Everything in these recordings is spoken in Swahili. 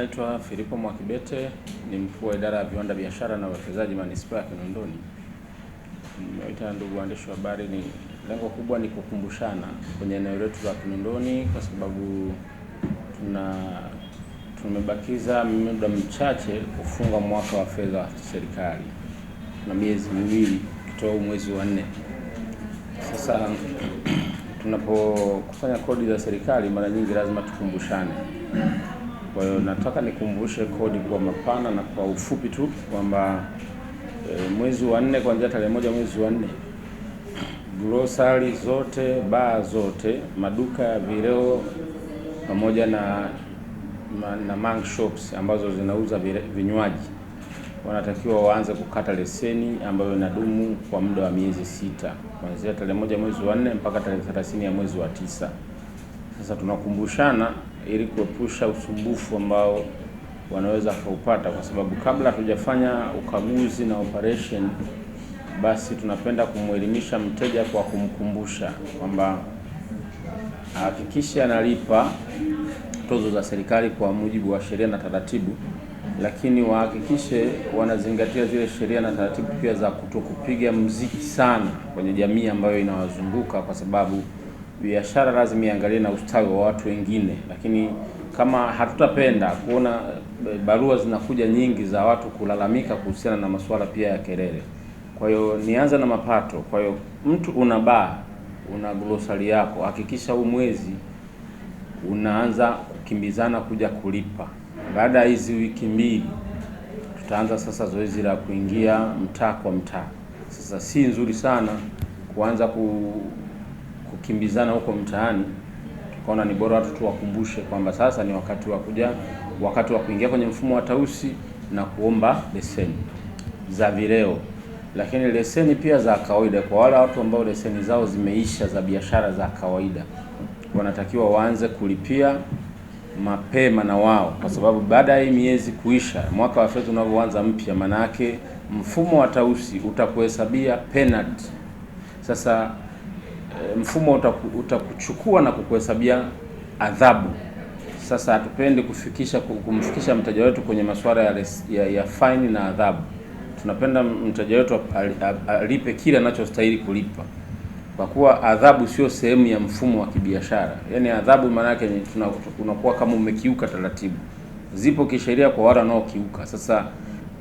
Naitwa Filipo Mwakibete, ni mkuu wa idara ya viwanda, biashara na uwekezaji manispaa ya Kinondoni. Nimewaita ndugu waandishi wa habari, ni lengo kubwa ni kukumbushana kwenye eneo letu la Kinondoni, kwa sababu tuna tumebakiza muda mchache kufunga mwaka wa fedha wa serikali na miezi miwili kutoa mwezi wa nne. Sasa tunapokusanya kodi za serikali, mara nyingi lazima tukumbushane kwa hiyo nataka nikumbushe kodi kwa mapana na kwa ufupi tu kwamba e, mwezi wa nne kuanzia tarehe moja mwezi wa nne grocery zote, baa zote, maduka ya vileo pamoja na na mang shops ambazo zinauza vinywaji wanatakiwa waanze kukata leseni ambayo inadumu kwa muda wa miezi sita kuanzia tarehe moja mwezi wa nne mpaka tarehe 30 ya mwezi wa tisa. Sasa tunakumbushana ili kuepusha usumbufu ambao wanaweza wakaupata, kwa sababu kabla hatujafanya ukaguzi na operation, basi tunapenda kumwelimisha mteja kwa kumkumbusha kwamba hakikisha analipa tozo za serikali kwa mujibu wa sheria na taratibu, lakini wahakikishe wanazingatia zile sheria na taratibu pia za kutokupiga mziki sana kwenye jamii ambayo inawazunguka kwa sababu biashara lazima iangalie na ustawi wa watu wengine, lakini kama hatutapenda kuona eh, barua zinakuja nyingi za watu kulalamika kuhusiana na masuala pia ya kelele. Kwa hiyo nianza na mapato. Kwa hiyo mtu una baa, una grosari yako, hakikisha huu mwezi unaanza kukimbizana kuja kulipa. Baada ya hizi wiki mbili, tutaanza sasa zoezi la kuingia mtaa kwa mtaa. Sasa si nzuri sana kuanza ku kukimbizana huko mtaani, tukaona ni bora watu tuwakumbushe kwamba sasa ni wakati wa kuja, wakati wa kuingia kwenye mfumo wa tausi na kuomba leseni za vileo, lakini leseni pia za kawaida kwa wale watu ambao leseni zao zimeisha za biashara za kawaida, wanatakiwa waanze kulipia mapema na wao, kwa sababu baada ya miezi kuisha, mwaka wa fedha unavyoanza mpya, maana yake mfumo wa tausi utakuhesabia penalty. Sasa Eh, mfumo utaku, utakuchukua na kukuhesabia adhabu. Sasa hatupendi kufikisha kumfikisha mteja wetu kwenye masuala ya, ya, ya faini na adhabu. Tunapenda mteja wetu alipe kile anachostahili kulipa, kwa kuwa adhabu sio sehemu ya mfumo wa kibiashara. Yaani adhabu maana yake unakuwa kama umekiuka taratibu, zipo kisheria kwa wale wanaokiuka. Sasa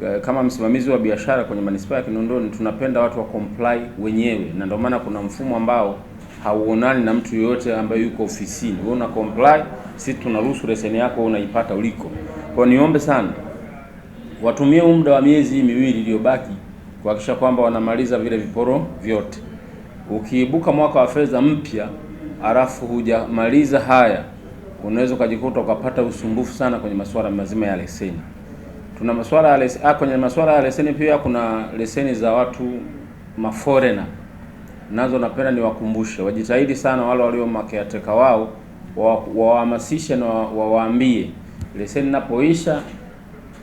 eh, kama msimamizi wa biashara kwenye manispaa ya Kinondoni tunapenda watu wa comply wenyewe, na ndio maana kuna mfumo ambao hauonani na mtu yoyote ambaye yuko ofisini. Wewe una comply, sisi tunaruhusu leseni yako unaipata uliko. Kwa niombe sana watumie huu muda wa miezi miwili iliyobaki kuhakikisha kwamba wanamaliza vile viporo vyote. Ukiibuka mwaka wa fedha mpya alafu hujamaliza haya, unaweza ukajikuta ukapata usumbufu sana kwenye masuala mazima ya leseni. Tuna masuala ya leseni, ah, kwenye masuala ya leseni pia kuna leseni za watu maforena nazo napenda niwakumbushe wajitahidi sana, wale walio makeateka wao wawahamasishe na wawaambie, leseni napoisha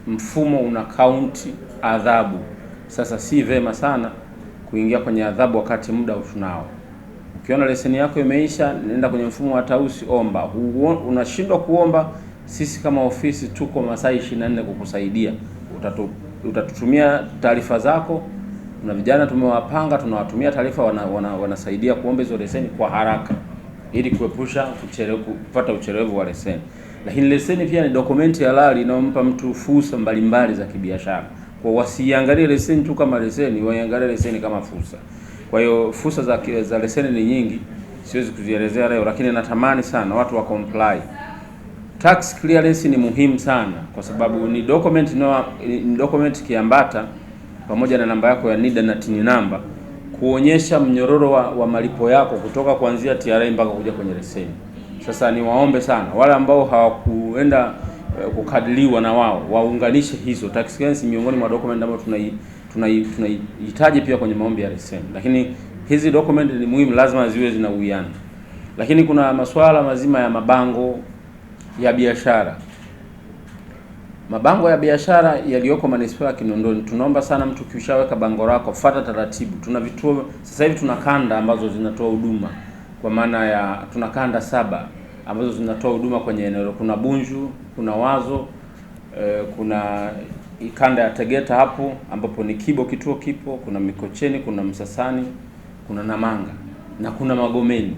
mfumo una kaunti adhabu. Sasa si vema sana kuingia kwenye adhabu wakati muda tunao. Ukiona leseni yako imeisha, nenda kwenye mfumo wa tausi, omba. Unashindwa kuomba, sisi kama ofisi tuko masaa 24 kukusaidia. Utatutumia taarifa zako kuna vijana tumewapanga, tunawatumia taarifa, wanasaidia wana, wana, wanasaidia kuomba hizo leseni kwa haraka ili kuepusha kuchelewa, kupata uchelewevu wa leseni. Lakini leseni pia ni dokumenti halali inayompa mtu fursa mbalimbali za kibiashara, kwa wasiangalie leseni tu kama leseni, waiangalie leseni kama fursa. Kwa hiyo fursa za, za leseni ni nyingi, siwezi kuzielezea leo, lakini natamani sana watu wa comply. Tax clearance ni muhimu sana, kwa sababu ni document, ni document kiambata pamoja na namba yako ya NIDA na TIN namba kuonyesha mnyororo wa, wa malipo yako kutoka kuanzia TRA mpaka kuja kwenye leseni. Sasa niwaombe sana wale ambao hawakuenda uh, kukadiliwa na wao waunganishe hizo tax clearance miongoni mwa document ambayo tunahitaji tunai, pia kwenye maombi ya leseni, lakini hizi document ni muhimu, lazima ziwe zina uwiano. Lakini kuna masuala mazima ya mabango ya biashara Mabango ya biashara yaliyoko manispaa ya Kinondoni, tunaomba sana mtu ukishaweka bango lako fuata taratibu. Tuna vituo sasa hivi tuna kanda ambazo zinatoa huduma kwa maana ya tuna kanda saba ambazo zinatoa huduma kwenye eneo. Kuna Bunju, kuna Wazo, eh, kuna kanda ya Tegeta hapo ambapo ni Kibo kituo kipo, kuna Mikocheni, kuna Msasani, kuna Namanga na kuna Magomeni.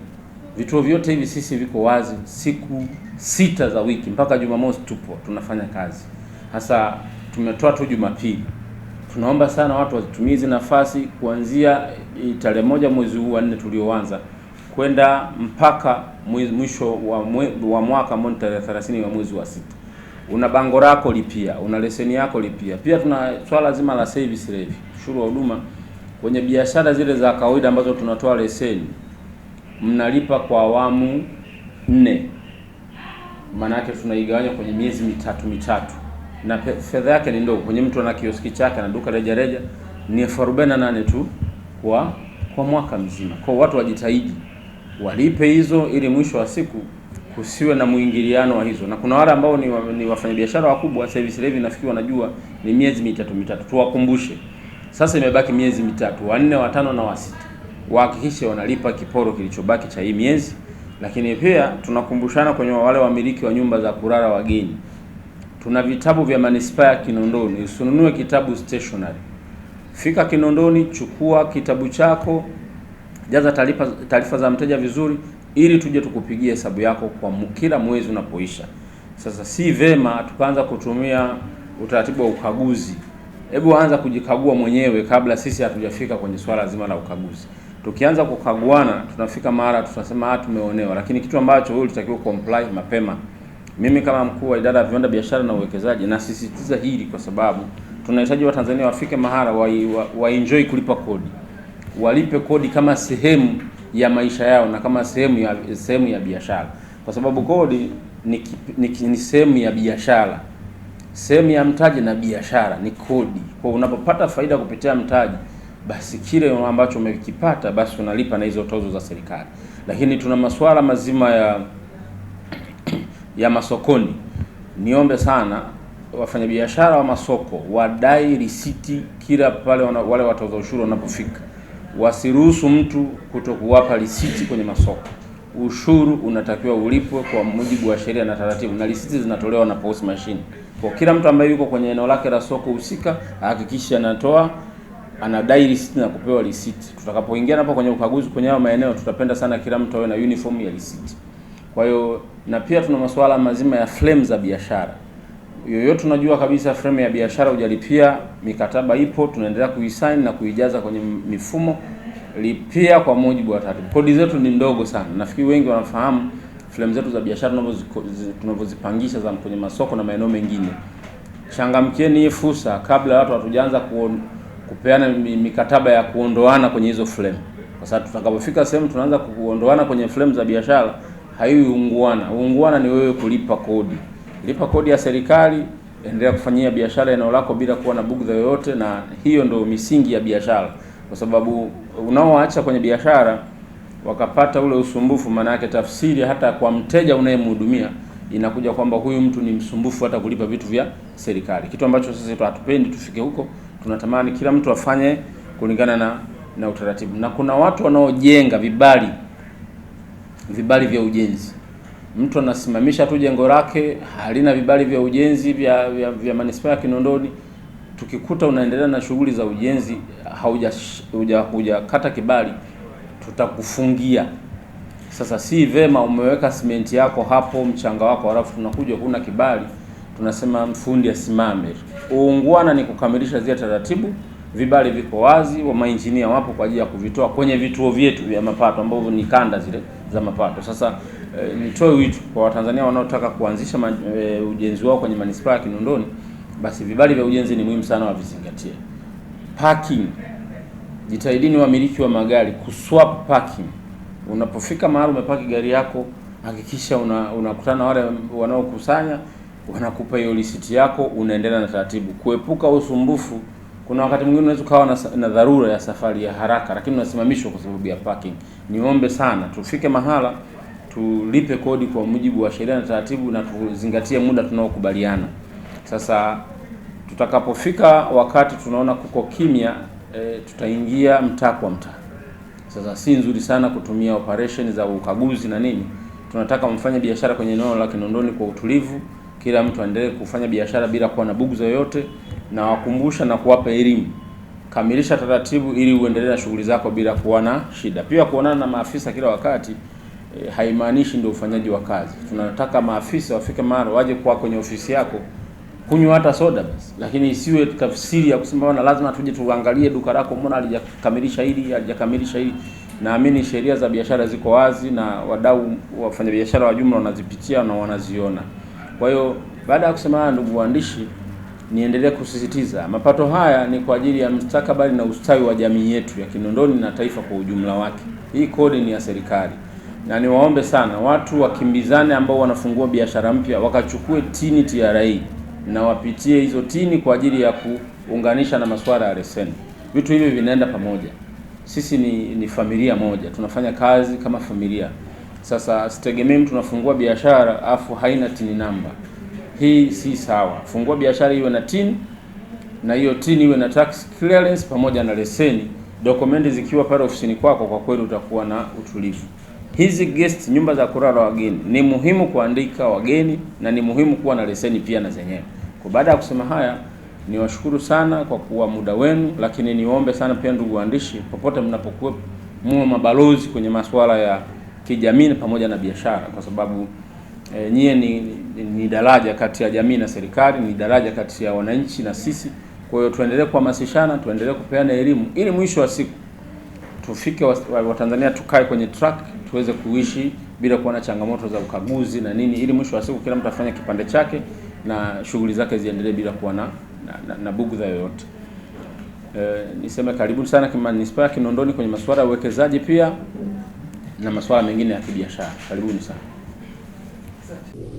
Vituo vyote hivi sisi viko wazi siku sita za wiki mpaka Jumamosi tupo tunafanya kazi. Hasa tumetoa tu Jumapili, tunaomba sana watu wazitumie hizi nafasi kuanzia e, tarehe moja mwezi huu wa nne tulioanza kwenda mpaka mwisho wa, mwe, wa mwaka moni tarehe 30 wa mwezi wa sita. Una bango lako lipia, una leseni yako lipia. Pia tuna swala zima la service levy, ushuru wa huduma kwenye biashara zile za kawaida ambazo tunatoa leseni, mnalipa kwa awamu nne, maana yake tunaigawanya kwenye miezi mitatu mitatu na fedha yake ni ndogo. Kwenye mtu ana kioski chake na duka reja reja ni elfu arobaini na nane tu kwa kwa mwaka mzima. Kwa watu wajitahidi walipe hizo, ili mwisho wa siku kusiwe na mwingiliano wa hizo. Na kuna wale ambao ni, wa, ni wafanyabiashara wakubwa service levy nafikiri wanajua ni miezi mitatu mitatu, tuwakumbushe sasa. Imebaki miezi mitatu, wanne, watano na wasita, wahakikishe wanalipa kiporo kilichobaki cha hii miezi. Lakini pia tunakumbushana kwenye wale wamiliki wa nyumba za kulala wageni tuna vitabu vya manispaa ya Kinondoni. Usinunue kitabu stationary, fika Kinondoni, chukua kitabu chako, jaza taarifa za mteja vizuri, ili tuje tukupigie hesabu yako kwa kila mwezi unapoisha. Sasa si vema tukaanza kutumia utaratibu wa ukaguzi. Hebu anza kujikagua mwenyewe kabla sisi hatujafika kwenye swala zima la ukaguzi. Tukianza kukaguana, tunafika mara tunasema ah, tumeonewa, lakini kitu ambacho wewe ulitakiwa comply mapema. Mimi kama mkuu wa idara ya viwanda, biashara na uwekezaji nasisitiza hili kwa sababu tunahitaji Watanzania wafike mahala wa, wa, wa enjoy kulipa kodi, walipe kodi kama sehemu ya maisha yao na kama sehemu ya sehemu ya biashara, kwa sababu kodi ni, ni, ni sehemu ya biashara, sehemu ya mtaji na biashara ni kodi. Kwa unapopata faida kupitia mtaji, basi kile ambacho umekipata basi unalipa na hizo tozo za serikali, lakini tuna masuala mazima ya ya masokoni, niombe sana wafanyabiashara wa masoko wadai risiti kila pale wana, wale watoza ushuru wanapofika, wasiruhusu mtu kutokuwapa risiti kwenye masoko. Ushuru unatakiwa ulipwe kwa mujibu wa sheria na taratibu, na risiti zinatolewa na POS machine. Kwa kila mtu ambaye yuko kwenye eneo lake la soko husika, hakikisha anatoa anadai risiti na kupewa risiti. Tutakapoingia hapo kwenye ukaguzi kwenye hayo maeneo, tutapenda sana kila mtu awe na uniform ya risiti. Kwa hiyo na pia tuna masuala mazima ya frame za biashara. Yoyote unajua kabisa frame ya biashara hujalipia, mikataba ipo, tunaendelea kuisign na kuijaza kwenye mifumo, lipia kwa mujibu wa taratibu. Kodi zetu ni ndogo sana, nafikiri wengi wanafahamu frame zetu za biashara tunavyozipangisha za kwenye masoko na maeneo mengine. Changamkieni hii fursa kabla watu hatujaanza kupeana mikataba ya kuondoana kwenye hizo frame, kwa sababu tutakapofika sehemu tunaanza kuondoana kwenye frame za biashara haiwi uungwana. Uungwana ni wewe kulipa kodi, lipa kodi ya serikali, endelea kufanyia biashara eneo lako bila kuwa na bugdha yoyote, na hiyo ndio misingi ya biashara, kwa sababu unaoacha kwenye biashara wakapata ule usumbufu, maana yake tafsiri hata kwa mteja unayemhudumia inakuja kwamba huyu mtu ni msumbufu hata kulipa vitu vya serikali, kitu ambacho sisi hatupendi tufike huko. Tunatamani kila mtu afanye kulingana na na utaratibu, na kuna watu wanaojenga vibali vibali vya ujenzi. Mtu anasimamisha tu jengo lake halina vibali vya ujenzi vya, vya, vya manispaa ya Kinondoni, tukikuta unaendelea na shughuli za ujenzi haujakata kibali, tutakufungia. Sasa si vema umeweka simenti yako hapo mchanga wako, halafu tunakuja huna kibali, tunasema mfundi asimame. Uungwana ni kukamilisha zile taratibu. Vibali viko wazi, wa mainjinia wapo kwa ajili ya kuvitoa kwenye vituo vyetu vya mapato ambavyo ni kanda zile za mapato. Sasa eh, nitoe wito kwa Watanzania wanaotaka kuanzisha ma, eh, ujenzi wao kwenye manispaa ya Kinondoni, basi vibali vya ujenzi ni muhimu sana wavizingatie. Parking, jitahidini wamiliki wa magari kuswap parking. Unapofika mahali umepaki gari yako, hakikisha unakutana una wale wanaokusanya, wanakupa hiyo lisiti yako, unaendelea na taratibu kuepuka usumbufu. Kuna wakati mwingine unaweza ukawa na, na dharura ya safari ya haraka, lakini unasimamishwa kwa sababu ya parking. Niombe sana tufike mahala tulipe kodi kwa mujibu wa sheria na taratibu, na tuzingatie muda tunaokubaliana. Sasa tutakapofika wakati tunaona kuko kimya, e, tutaingia mtaa kwa mtaa. Sasa si nzuri sana kutumia operation za ukaguzi na nini. Tunataka mfanye biashara kwenye eneo la Kinondoni kwa utulivu, kila mtu aendelee kufanya biashara bila kuwa na bugu yoyote na wakumbusha na kuwapa elimu. Kamilisha taratibu ili uendelee na shughuli zako bila kuwa na shida. Pia kuonana na maafisa kila wakati e, haimaanishi ndio ufanyaji wa kazi. Tunataka maafisa wafike mara waje kwa kwenye ofisi yako kunywa hata soda basi, lakini isiwe tafsiri ya kusema bwana, lazima tuje tuangalie duka lako, mbona alijakamilisha hili alijakamilisha hili. Naamini sheria za biashara ziko wazi na wadau wafanyabiashara wa jumla wanazipitia na wanaziona. Kwa hiyo baada ya kusema ndugu waandishi niendelee kusisitiza mapato haya ni kwa ajili ya mstakabali na ustawi wa jamii yetu ya Kinondoni na taifa kwa ujumla wake. Hii kodi ni ya serikali, na niwaombe sana watu wakimbizane ambao wanafungua biashara mpya wakachukue tini TRA na wapitie hizo tini kwa ajili ya kuunganisha na masuala ya leseni. Vitu hivi vinaenda pamoja. Sisi ni, ni familia moja, tunafanya kazi kama familia. Sasa sitegemee mtu anafungua biashara afu haina tini namba hii si sawa. Fungua biashara iwe na TIN na hiyo TIN iwe na tax clearance pamoja na leseni, dokumenti zikiwa pale ofisini kwako, kwa kweli utakuwa na utulivu. Hizi guest nyumba za kulala wageni ni muhimu kuandika wageni na ni muhimu kuwa na leseni pia na zenyewe. Kwa baada ya kusema haya, niwashukuru sana kwa kuwa muda wenu, lakini niombe sana pia ndugu waandishi, popote mnapokuwa muwe mabalozi kwenye masuala ya kijamii pamoja na biashara, kwa sababu e, nyie ni, ni, ni daraja kati ya jamii na serikali, ni daraja kati ya wananchi na sisi. Kwa hiyo tuendelee kuhamasishana, tuendelee kupeana elimu ili mwisho wa siku tufike Watanzania wa, tukae kwenye track tuweze kuishi bila kuona changamoto za ukaguzi na nini, ili mwisho wa siku kila mtu afanye kipande chake na shughuli zake ziendelee bila kuwa na, na, na, na bugudha yoyote. E, niseme karibuni sana kwa manispaa ya Kinondoni kwenye masuala ya uwekezaji pia na masuala mengine ya kibiashara. Karibuni sana. Excellent.